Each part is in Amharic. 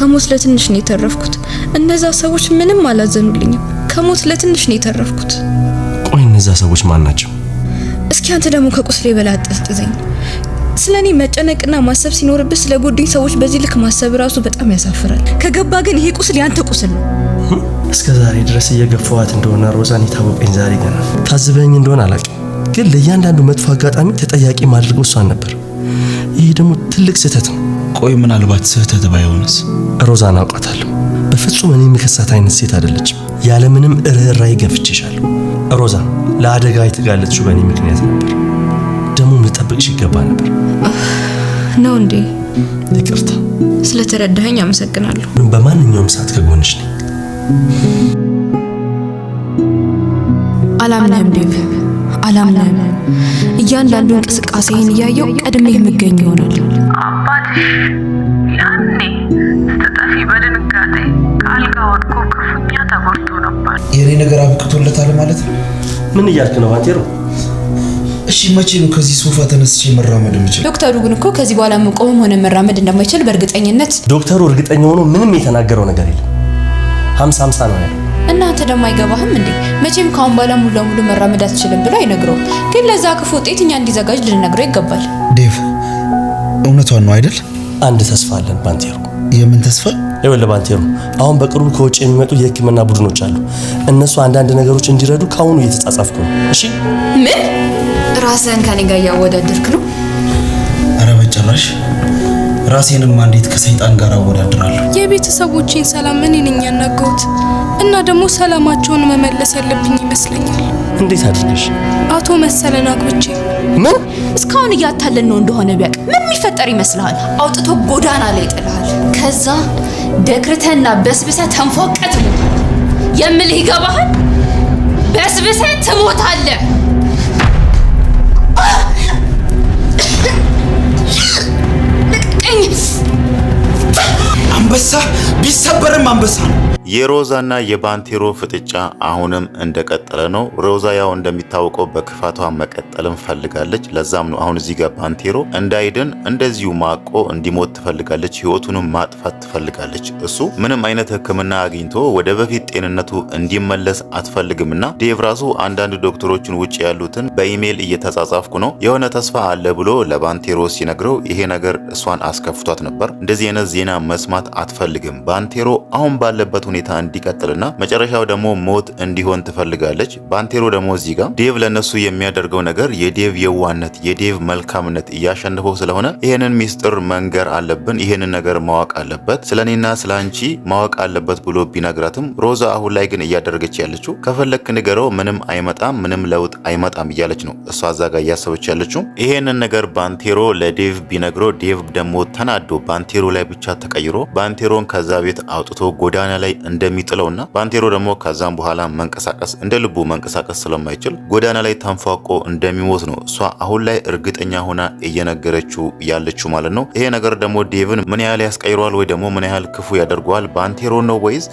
ከሞት ለትንሽ ነው የተረፍኩት። እነዛ ሰዎች ምንም አላዘኑልኝም። ከሞት ለትንሽ ነው የተረፍኩት። ቆይ እነዛ ሰዎች ማን ናቸው? እስኪ አንተ ደግሞ ከቁስሌ በላይ አጠስጥዘኝ። ስለ እኔ መጨነቅና ማሰብ ሲኖርብህ ስለ ጎዱኝ ሰዎች በዚህ ልክ ማሰብ ራሱ በጣም ያሳፍራል። ከገባ ግን ይሄ ቁስል ያንተ ቁስል ነው። እስከ ዛሬ ድረስ እየገፋዋት እንደሆነ ሮዛን የታወቀኝ ዛሬ ገና ታዝበኝ እንደሆነ አላውቅም፣ ግን ለእያንዳንዱ መጥፎ አጋጣሚ ተጠያቂ ማድረግ እሷን ነበር። ይሄ ደግሞ ትልቅ ስህተት ነው። ቆይ ምናልባት ስህተት ባይሆንስ? ሮዛን አውቃታለሁ። በፍጹም እኔ የሚከሳት አይነት ሴት አይደለችም። ያለምንም ርኅራይ ገፍቼሻለሁ። ሮዛ ለአደጋ የተጋለጥሽው በእኔ ምክንያት ነበር። ደግሞ ልጠብቅሽ ይገባ ነበር። ነው እንዴ? ይቅርታ። ስለተረዳኸኝ አመሰግናለሁ። በማንኛውም ሰዓት ከጎንሽ ነኝ። አላምንም ዴቭ አላምንም። እያንዳንዱ እንቅስቃሴህን እያየው ቀድሜ የምገኝ ይሆናል። አባትሽ ያኔ ስትጠፊ በድንጋጤ ከአልጋ ወድቆ ክፉኛ ተጎድቶ ነበር። የኔ ነገር አብቅቶለታል ማለት ነው። ምን እያልክ ነው አንቴሮ? እሺ መቼ ነው ከዚህ ሶፋ ተነስቼ መራመድ የምችል? ዶክተሩ ግን እኮ ከዚህ በኋላ መቆምም ሆነ መራመድ እንደማይችል በእርግጠኝነት ዶክተሩ እርግጠኛ ሆኖ ምንም የተናገረው ነገር የለም። ሀምሳ ሀምሳ ነው ያለው እናንተ ደግሞ አይገባህም እንዴ? መቼም ካሁን በኋላ ሙሉ ለሙሉ መራመድ አትችልም ብሎ አይነግረውም። ግን ለዛ ክፉ ውጤት እኛ እንዲዘጋጅ ልንነግረው ይገባል። ዴቭ እውነቷን ነው አይደል? አንድ ተስፋ አለን ባንቴሩ። የምን ተስፋ? ይኸውልህ ባንቴሩ፣ አሁን በቅርቡ ከውጭ የሚመጡ የህክምና ቡድኖች አሉ። እነሱ አንዳንድ ነገሮች እንዲረዱ ከአሁኑ እየተጻጻፍኩ ነው። እሺ። ምን ራስህን ከኔ ጋር እያወዳደርክ ነው? አረ በጭራሽ ራሴን እንዴት ከሰይጣን ጋር አወዳድራለሁ? የቤተሰቦቼን ሰላም እኔ ነኝ ያናገውት እና ደግሞ ሰላማቸውን መመለስ ያለብኝ ይመስለኛል። እንዴት አድርገሽ? አቶ መሰለን አግብቼ ምን እስካሁን እያታለን ነው እንደሆነ ቢያቅ ምን የሚፈጠር ይመስልሃል? አውጥቶ ጎዳና ላይ ይጥልሃል። ከዛ ደክርተና በስብሰ ተንፏቀት የምልህ ይገባሃል? በስብሰ ትሞታለህ። አንበሳ ቢሰበርም አንበሳ ነው። የሮዛና የባንቴሮ ፍጥጫ አሁንም እንደቀጠለ ነው። ሮዛ ያው እንደሚታወቀው በክፋቷ መቀጠልም ፈልጋለች። ለዛም ነው አሁን እዚህ ጋር ባንቴሮ እንዳይድን እንደዚሁ ማቆ እንዲሞት ትፈልጋለች። ህይወቱንም ማጥፋት ትፈልጋለች። እሱ ምንም አይነት ህክምና አግኝቶ ወደ በፊት ጤንነቱ እንዲመለስ አትፈልግምና ዴቭ ራሱ አንዳንድ ዶክተሮችን ውጭ ያሉትን በኢሜይል እየተጻጻፍኩ ነው የሆነ ተስፋ አለ ብሎ ለባንቴሮ ሲነግረው ይሄ ነገር እሷን አስከፍቷት ነበር። እንደዚህ አይነት ዜና መስማት አትፈልግም። ባንቴሮ አሁን ባለበት ሁኔታ ሁኔታ እንዲቀጥልና መጨረሻው ደግሞ ሞት እንዲሆን ትፈልጋለች። ባንቴሮ ደግሞ እዚህ ጋር ዴቭ ለእነሱ የሚያደርገው ነገር የዴቭ የዋነት የዴቭ መልካምነት እያሸንፈው ስለሆነ ይህንን ሚስጥር መንገር አለብን፣ ይህንን ነገር ማወቅ አለበት፣ ስለ እኔና ስለ አንቺ ማወቅ አለበት ብሎ ቢነግራትም ሮዛ አሁን ላይ ግን እያደረገች ያለችው ከፈለክ ንገረው፣ ምንም አይመጣም፣ ምንም ለውጥ አይመጣም እያለች ነው እሷ እዛ ጋር እያሰበች ያለችው። ይህንን ነገር ባንቴሮ ለዴቭ ቢነግረው ዴቭ ደግሞ ተናዶ ባንቴሮ ላይ ብቻ ተቀይሮ ባንቴሮን ከዛ ቤት አውጥቶ ጎዳና ላይ እንደሚጥለውና ባንቴሮ ደግሞ ከዛም በኋላ መንቀሳቀስ እንደ ልቡ መንቀሳቀስ ስለማይችል ጎዳና ላይ ተንፏቆ እንደሚሞት ነው እሷ አሁን ላይ እርግጠኛ ሆና እየነገረችው ያለችው ማለት ነው። ይሄ ነገር ደግሞ ዴቭን ምን ያህል ያስቀይረዋል ወይ ደግሞ ምን ያህል ክፉ ያደርገዋል? ባንቴሮ ነው ወይስ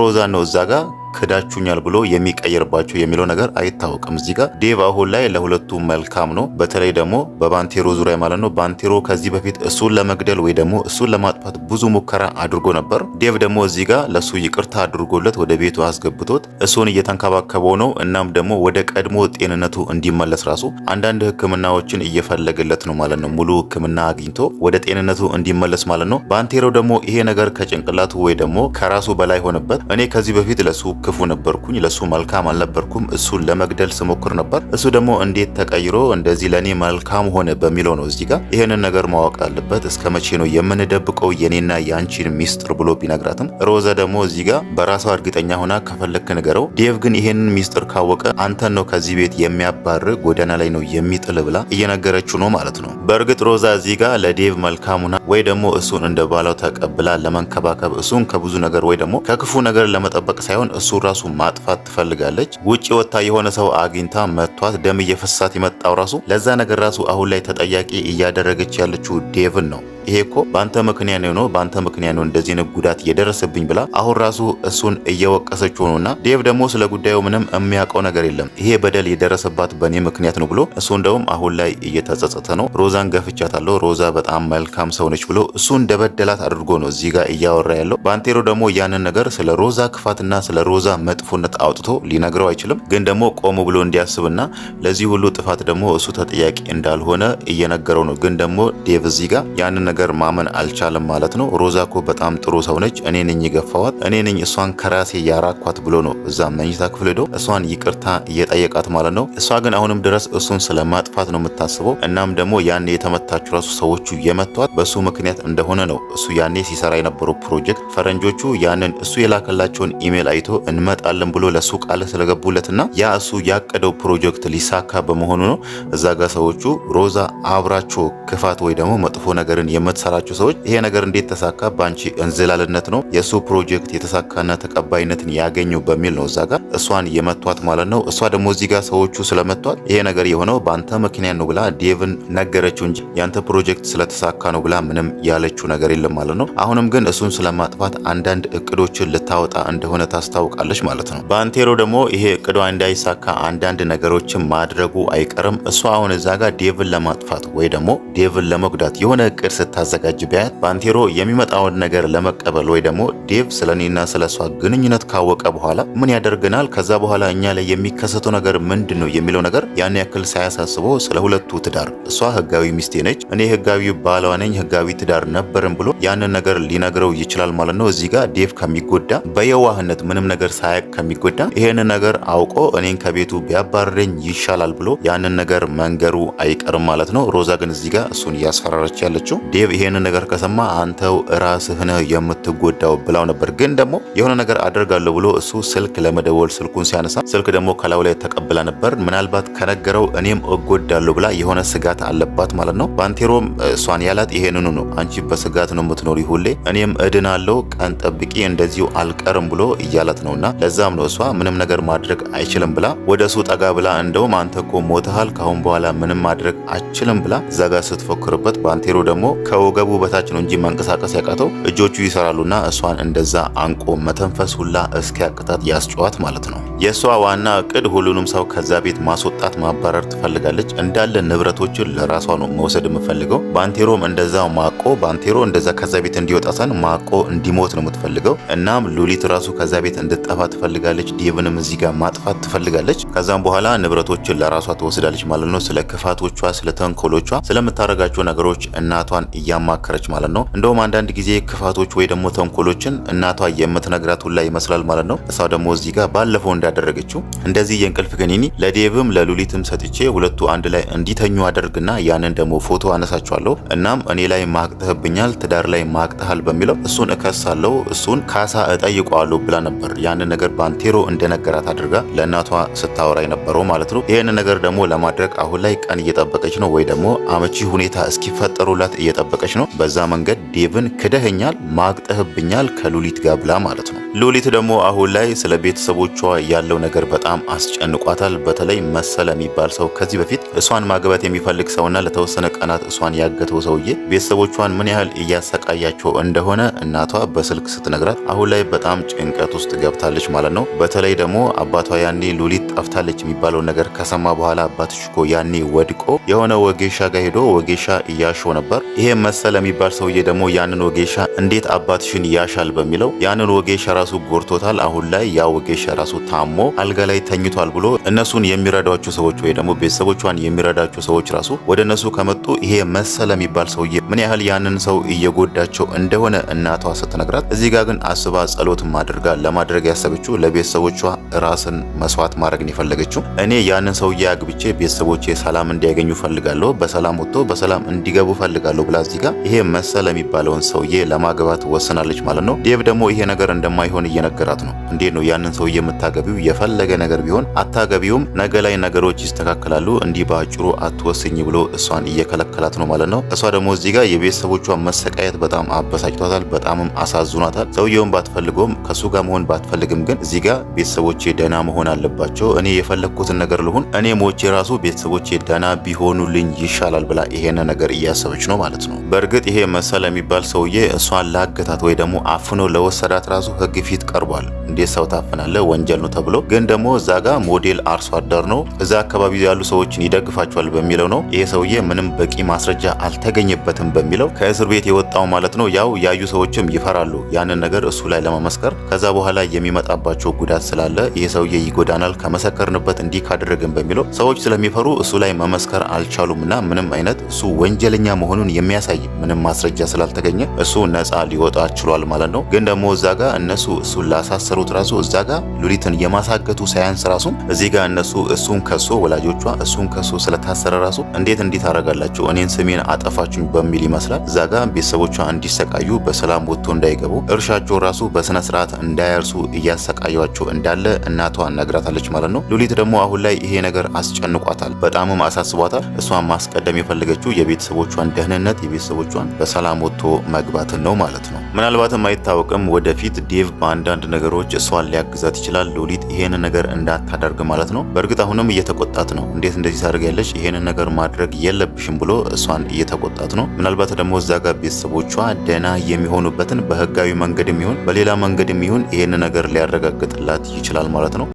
ሮዛ ነው እዛ ጋር ክዳችሁኛል ብሎ የሚቀየርባቸው የሚለው ነገር አይታወቅም። እዚህ ጋር ዴቭ አሁን ላይ ለሁለቱ መልካም ነው። በተለይ ደግሞ በባንቴሮ ዙሪያ ማለት ነው። ባንቴሮ ከዚህ በፊት እሱን ለመግደል ወይ ደግሞ እሱን ለማጥፋት ብዙ ሙከራ አድርጎ ነበር። ዴቭ ደግሞ እዚህ ጋር ለእሱ ይቅርታ አድርጎለት ወደ ቤቱ አስገብቶት እሱን እየተንከባከበው ነው። እናም ደግሞ ወደ ቀድሞ ጤንነቱ እንዲመለስ ራሱ አንዳንድ ሕክምናዎችን እየፈለገለት ነው ማለት ነው። ሙሉ ሕክምና አግኝቶ ወደ ጤንነቱ እንዲመለስ ማለት ነው። ባንቴሮ ደግሞ ይሄ ነገር ከጭንቅላቱ ወይ ደግሞ ከራሱ በላይ ሆነበት። እኔ ከዚህ በፊት ለሱ ክፉ ነበርኩኝ፣ ለሱ መልካም አልነበርኩም። እሱን ለመግደል ስሞክር ነበር። እሱ ደግሞ እንዴት ተቀይሮ እንደዚህ ለእኔ መልካም ሆነ በሚለው ነው። እዚህ ጋር ይህንን ነገር ማወቅ አለበት። እስከ መቼ ነው የምንደብቀው የኔና የአንቺን ሚስጥር ብሎ ቢነግራትም፣ ሮዛ ደግሞ እዚህ ጋር በራሷ እርግጠኛ ሆና ከፈለክ ንገረው፣ ዴቭ ግን ይህንን ሚስጥር ካወቀ አንተን ነው ከዚህ ቤት የሚያባር ጎዳና ላይ ነው የሚጥል ብላ እየነገረችው ነው ማለት ነው። በእርግጥ ሮዛ እዚህ ጋር ለዴቭ መልካም ሆና ወይ ደግሞ እሱን እንደ ባለው ተቀብላ ለመንከባከብ እሱን ከብዙ ነገር ወይ ደግሞ ከክፉ ነገር ለመጠበቅ ሳይሆን እሱ እሱን ራሱ ማጥፋት ትፈልጋለች። ውጭ ወጥታ የሆነ ሰው አግኝታ መቷት ደም እየፈሳት የመጣው ራሱ ለዛ ነገር ራሱ አሁን ላይ ተጠያቂ እያደረገች ያለችው ዴቭን ነው። ይሄ እኮ በአንተ ምክንያት ነው፣ በአንተ ምክንያት ነው እንደዚህ ጉዳት እየደረሰብኝ ብላ አሁን ራሱ እሱን እየወቀሰችው ነውና ዴቭ ደግሞ ስለ ጉዳዩ ምንም የሚያውቀው ነገር የለም። ይሄ በደል የደረሰባት በእኔ ምክንያት ነው ብሎ እሱ እንደውም አሁን ላይ እየተጸጸተ ነው። ሮዛን ገፍቻታለሁ፣ ሮዛ በጣም መልካም ሰው ነች ብሎ እሱ እንደበደላት አድርጎ ነው እዚህ ጋር እያወራ ያለው። ባንቴሮ ደግሞ ያንን ነገር ስለ ሮዛ ክፋትና ስለ ሮዛ መጥፎነት አውጥቶ ሊነግረው አይችልም። ግን ደግሞ ቆሙ ብሎ እንዲያስብና ለዚህ ሁሉ ጥፋት ደግሞ እሱ ተጠያቂ እንዳልሆነ እየነገረው ነው። ግን ደግሞ ዴቭ እዚህ ጋር ያንን ነገር ማመን አልቻለም ማለት ነው። ሮዛ እኮ በጣም ጥሩ ሰው ነች፣ እኔ ነኝ የገፋዋት፣ እኔ ነኝ እሷን ከራሴ ያራኳት ብሎ ነው እዛ መኝታ ክፍል ሄዶ እሷን ይቅርታ እየጠየቃት ማለት ነው። እሷ ግን አሁንም ድረስ እሱን ስለማጥፋት ነው የምታስበው። እናም ደግሞ ያኔ የተመታች ራሱ ሰዎቹ የመቷት በሱ ምክንያት እንደሆነ ነው። እሱ ያኔ ሲሰራ የነበረው ፕሮጀክት ፈረንጆቹ ያንን እሱ የላከላቸውን ኢሜል አይቶ እንመጣለን ብሎ ለእሱ ቃል ስለገቡለትና ያ እሱ ያቀደው ፕሮጀክት ሊሳካ በመሆኑ ነው እዛ ጋር ሰዎቹ ሮዛ አብራቸው ክፋት ወይ ደግሞ መጥፎ ነገርን የምትሰራቸው ሰዎች ይሄ ነገር እንዴት ተሳካ? በአንቺ እንዝላልነት ነው የእሱ ፕሮጀክት የተሳካና ተቀባይነትን ያገኙ በሚል ነው እዛ ጋር እሷን የመቷት ማለት ነው። እሷ ደግሞ እዚህ ጋር ሰዎቹ ስለመቷት ይሄ ነገር የሆነው በአንተ ምክንያት ነው ብላ ዴቭን ነገረችው እንጂ ያንተ ፕሮጀክት ስለተሳካ ነው ብላ ምንም ያለችው ነገር የለም ማለት ነው። አሁንም ግን እሱን ስለማጥፋት አንዳንድ እቅዶችን ልታወጣ እንደሆነ ታስታውቃለች ማለት ነው። በአንቴሮ ደግሞ ይሄ እቅዷ እንዳይሳካ አንዳንድ ነገሮችን ማድረጉ አይቀርም። እሷ አሁን እዛ ጋር ዴቭን ለማጥፋት ወይ ደግሞ ዴቭን ለመጉዳት የሆነ እቅድ ታዘጋጅ ቢያት ባንቴሮ የሚመጣውን ነገር ለመቀበል ወይ ደግሞ ዴቭ ስለ እኔና ስለ እሷ ግንኙነት ካወቀ በኋላ ምን ያደርገናል፣ ከዛ በኋላ እኛ ላይ የሚከሰተው ነገር ምንድን ነው የሚለው ነገር ያን ያክል ሳያሳስቦ ስለ ሁለቱ ትዳር እሷ ህጋዊ ሚስቴ ነች፣ እኔ ህጋዊ ባሏ ነኝ፣ ህጋዊ ትዳር ነበርን ብሎ ያንን ነገር ሊነግረው ይችላል ማለት ነው። እዚህ ጋር ዴቭ ከሚጎዳ በየዋህነት ምንም ነገር ሳያቅ ከሚጎዳ ይሄንን ነገር አውቆ እኔን ከቤቱ ቢያባርረኝ ይሻላል ብሎ ያንን ነገር መንገሩ አይቀርም ማለት ነው። ሮዛ ግን እዚህ ጋር እሱን እያስፈራረች ያለችው ዴቭ ይሄንን ነገር ከሰማ አንተው ራስህ የምትጎዳው ብላው ነበር። ግን ደግሞ የሆነ ነገር አደርጋለሁ ብሎ እሱ ስልክ ለመደወል ስልኩን ሲያነሳ ስልክ ደግሞ ከላዩ ላይ ተቀብላ ነበር። ምናልባት ከነገረው እኔም እጎዳለሁ ብላ የሆነ ስጋት አለባት ማለት ነው። ባንቴሮም እሷን ያላት ይሄንኑ ነው። አንቺ በስጋት ነው የምትኖሪ ሁሌ፣ እኔም እድናለሁ፣ ቀን ጠብቂ፣ እንደዚሁ አልቀርም ብሎ እያላት ነውና ለዛም ነው እሷ ምንም ነገር ማድረግ አይችልም ብላ ወደ እሱ ጠጋ ብላ እንደውም አንተ እኮ ሞተሃል፣ ካሁን በኋላ ምንም ማድረግ አችልም ብላ ዛጋ ስትፎክርበት ባንቴሮ ደግሞ ከወገቡ በታች ነው እንጂ መንቀሳቀስ ያቃተው እጆቹ ይሰራሉና እሷን እንደዛ አንቆ መተንፈስ ሁላ እስኪያቅታት ያስጨዋት ማለት ነው። የእሷ ዋና እቅድ ሁሉንም ሰው ከዛ ቤት ማስወጣት ማባረር ትፈልጋለች። እንዳለ ንብረቶችን ለራሷ ነው መውሰድ የምፈልገው። ባንቴሮም እንደዛው ማቆ ባንቴሮ እንደዛ ከዛ ቤት እንዲወጣ ሳን ማቆ እንዲሞት ነው የምትፈልገው። እናም ሉሊት ራሱ ከዛ ቤት እንድጠፋ ትፈልጋለች። ዴቭንም እዚህ ጋር ማጥፋት ትፈልጋለች። ከዛም በኋላ ንብረቶችን ለራሷ ትወስዳለች ማለት ነው። ስለ ክፋቶቿ፣ ስለ ተንኮሎቿ፣ ስለምታደርጋቸው ነገሮች እናቷን እያማከረች ማለት ነው። እንደውም አንዳንድ ጊዜ ክፋቶች ወይ ደግሞ ተንኮሎችን እናቷ የምትነግራት ሁላ ይመስላል ማለት ነው። እሷ ደግሞ እዚህ ጋር ባለፈው እንዳ ያደረገችው። እንደዚህ የእንቅልፍ ክኒኒ ለዴቭም ለሉሊትም ሰጥቼ ሁለቱ አንድ ላይ እንዲተኙ አደርግና ያንን ደግሞ ፎቶ አነሳቸዋለሁ። እናም እኔ ላይ ማቅጠህብኛል፣ ትዳር ላይ ማቅጠሃል በሚለው እሱን እከሳለሁ፣ እሱን ካሳ እጠይቀዋለሁ ብላ ነበር ያንን ነገር ባንቴሮ እንደነገራት አድርጋ ለእናቷ ስታወራ የነበረው ማለት ነው። ይህንን ነገር ደግሞ ለማድረግ አሁን ላይ ቀን እየጠበቀች ነው፣ ወይ ደግሞ አመቺ ሁኔታ እስኪፈጠሩላት እየጠበቀች ነው። በዛ መንገድ ዴቭን ክደህኛል፣ ማቅጠህብኛል ከሉሊት ጋር ብላ ማለት ነው። ሉሊት ደግሞ አሁን ላይ ስለ ቤተሰቦቿ ያለው ነገር በጣም አስጨንቋታል። በተለይ መሰለ የሚባል ሰው ከዚህ በፊት እሷን ማግባት የሚፈልግ ሰውና ለተወሰነ ቀናት እሷን ያገተው ሰውዬ ቤተሰቦቿን ምን ያህል እያሰቃያቸው እንደሆነ እናቷ በስልክ ስትነግራት አሁን ላይ በጣም ጭንቀት ውስጥ ገብታለች ማለት ነው። በተለይ ደግሞ አባቷ ያኔ ሉሊት ጠፍታለች የሚባለው ነገር ከሰማ በኋላ አባትሽ እኮ ያኔ ወድቆ የሆነ ወጌሻ ጋር ሄዶ ወጌሻ እያሾ ነበር። ይሄ መሰለ የሚባል ሰውዬ ደግሞ ያንን ወጌሻ እንዴት አባትሽን ያሻል በሚለው ያንን ወጌሻ ራሱ ጎርቶታል። አሁን ላይ ያ ወጌሻ ራሱ ታ ታሞ አልጋ ላይ ተኝቷል ብሎ እነሱን የሚረዷቸው ሰዎች ወይ ደግሞ ቤተሰቦቿን የሚረዳቸው ሰዎች ራሱ ወደ እነሱ ከመጡ ይሄ መሰለ የሚባል ሰውዬ ምን ያህል ያንን ሰው እየጎዳቸው እንደሆነ እናቷ ስትነግራት፣ እዚህ ጋር ግን አስባ ጸሎት ማድርጋ ለማድረግ ያሰበችው ለቤተሰቦቿ ራስን መስዋዕት ማድረግን የፈለገችው እኔ ያንን ሰውዬ አግብቼ ቤተሰቦቼ ሰላም እንዲያገኙ ፈልጋለሁ፣ በሰላም ወጥቶ በሰላም እንዲገቡ ፈልጋለሁ ብላ እዚህ ጋር ይሄ መሰለ የሚባለውን ሰውዬ ለማግባት ወስናለች ማለት ነው። ዴቭ ደግሞ ይሄ ነገር እንደማይሆን እየነገራት ነው። እንዴት ነው ያንን ሰውዬ የምታገቢ አታገቢው፣ የፈለገ ነገር ቢሆን አታገቢውም፣ ነገ ላይ ነገሮች ይስተካከላሉ፣ እንዲህ በአጭሩ አትወስኝ ብሎ እሷን እየከለከላት ነው ማለት ነው። እሷ ደግሞ እዚህ ጋር የቤተሰቦቿ መሰቃየት በጣም አበሳጭቷታል፣ በጣምም አሳዝኗታል። ሰውየውን ባትፈልገውም ከሱ ጋር መሆን ባትፈልግም ግን እዚህ ጋር ቤተሰቦቼ ደህና መሆን አለባቸው፣ እኔ የፈለግኩትን ነገር ልሁን፣ እኔ ሞቼ ራሱ ቤተሰቦቼ ደህና ቢሆኑልኝ ይሻላል ብላ ይሄን ነገር እያሰበች ነው ማለት ነው። በእርግጥ ይሄ መሰል የሚባል ሰውዬ እሷን ላገታት ወይ ደግሞ አፍኖ ለወሰዳት ራሱ ህግ ፊት ቀርቧል። እንዴት ሰው ታፍናለ? ወንጀል ነው ተብሎ ግን ደግሞ እዛ ጋር ሞዴል አርሶ አደር ነው እዛ አካባቢ ያሉ ሰዎችን ይደግፋቸዋል በሚለው ነው ይሄ ሰውዬ ምንም በቂ ማስረጃ አልተገኘበትም በሚለው ከእስር ቤት የወጣው ማለት ነው። ያው ያዩ ሰዎችም ይፈራሉ ያንን ነገር እሱ ላይ ለመመስከር ከዛ በኋላ የሚመጣባቸው ጉዳት ስላለ ይሄ ሰውዬ ይጎዳናል ከመሰከርንበት እንዲህ ካደረግን በሚለው ሰዎች ስለሚፈሩ እሱ ላይ መመስከር አልቻሉምና ምንም አይነት እሱ ወንጀለኛ መሆኑን የሚያሳይ ምንም ማስረጃ ስላልተገኘ እሱ ነፃ ሊወጣ ችሏል ማለት ነው። ግን ደግሞ እዛ ጋር እነሱ እሱን ላሳሰሩት ራሱ እዛ ጋር ሉሊትን የማሳገቱ ሳያንስ ራሱ እዚህ ጋር እነሱ እሱን ከሶ ወላጆቿ እሱን ከሶ ስለታሰረ ራሱ እንዴት እንዴት አደረጋላችሁ እኔን ስሜን አጠፋችሁኝ በሚል ይመስላል እዛ ጋ ቤተሰቦቿ እንዲሰቃዩ በሰላም ወጥቶ እንዳይገቡ እርሻቸው ራሱ በስነ ስርዓት እንዳያርሱ እያሰቃያቸው እንዳለ እናቷ ነግራታለች ማለት ነው። ሉሊት ደግሞ አሁን ላይ ይሄ ነገር አስጨንቋታል፣ በጣምም አሳስቧታል። እሷን ማስቀደም የፈለገችው የቤተሰቦቿን ደህንነት የቤተሰቦቿን በሰላም ወጥቶ መግባትን ነው ማለት ነው። ምናልባትም አይታወቅም፣ ወደፊት ዴቭ በአንዳንድ ነገሮች እሷን ሊያግዛት ይችላል ሉሊት በፊት ይሄን ነገር እንዳታደርግ ማለት ነው። በእርግጥ አሁንም እየተቆጣት ነው። እንዴት እንደዚህ ታደርጊያለሽ? ይሄንን ነገር ማድረግ የለብሽም ብሎ እሷን እየተቆጣት ነው። ምናልባት ደግሞ እዛ ጋር ቤተሰቦቿ ደህና የሚሆኑበትን በህጋዊ መንገድ ይሁን በሌላ መንገድም ይሁን ይሄን ነገር ሊያረጋግጥላት ይችላል ማለት ነው።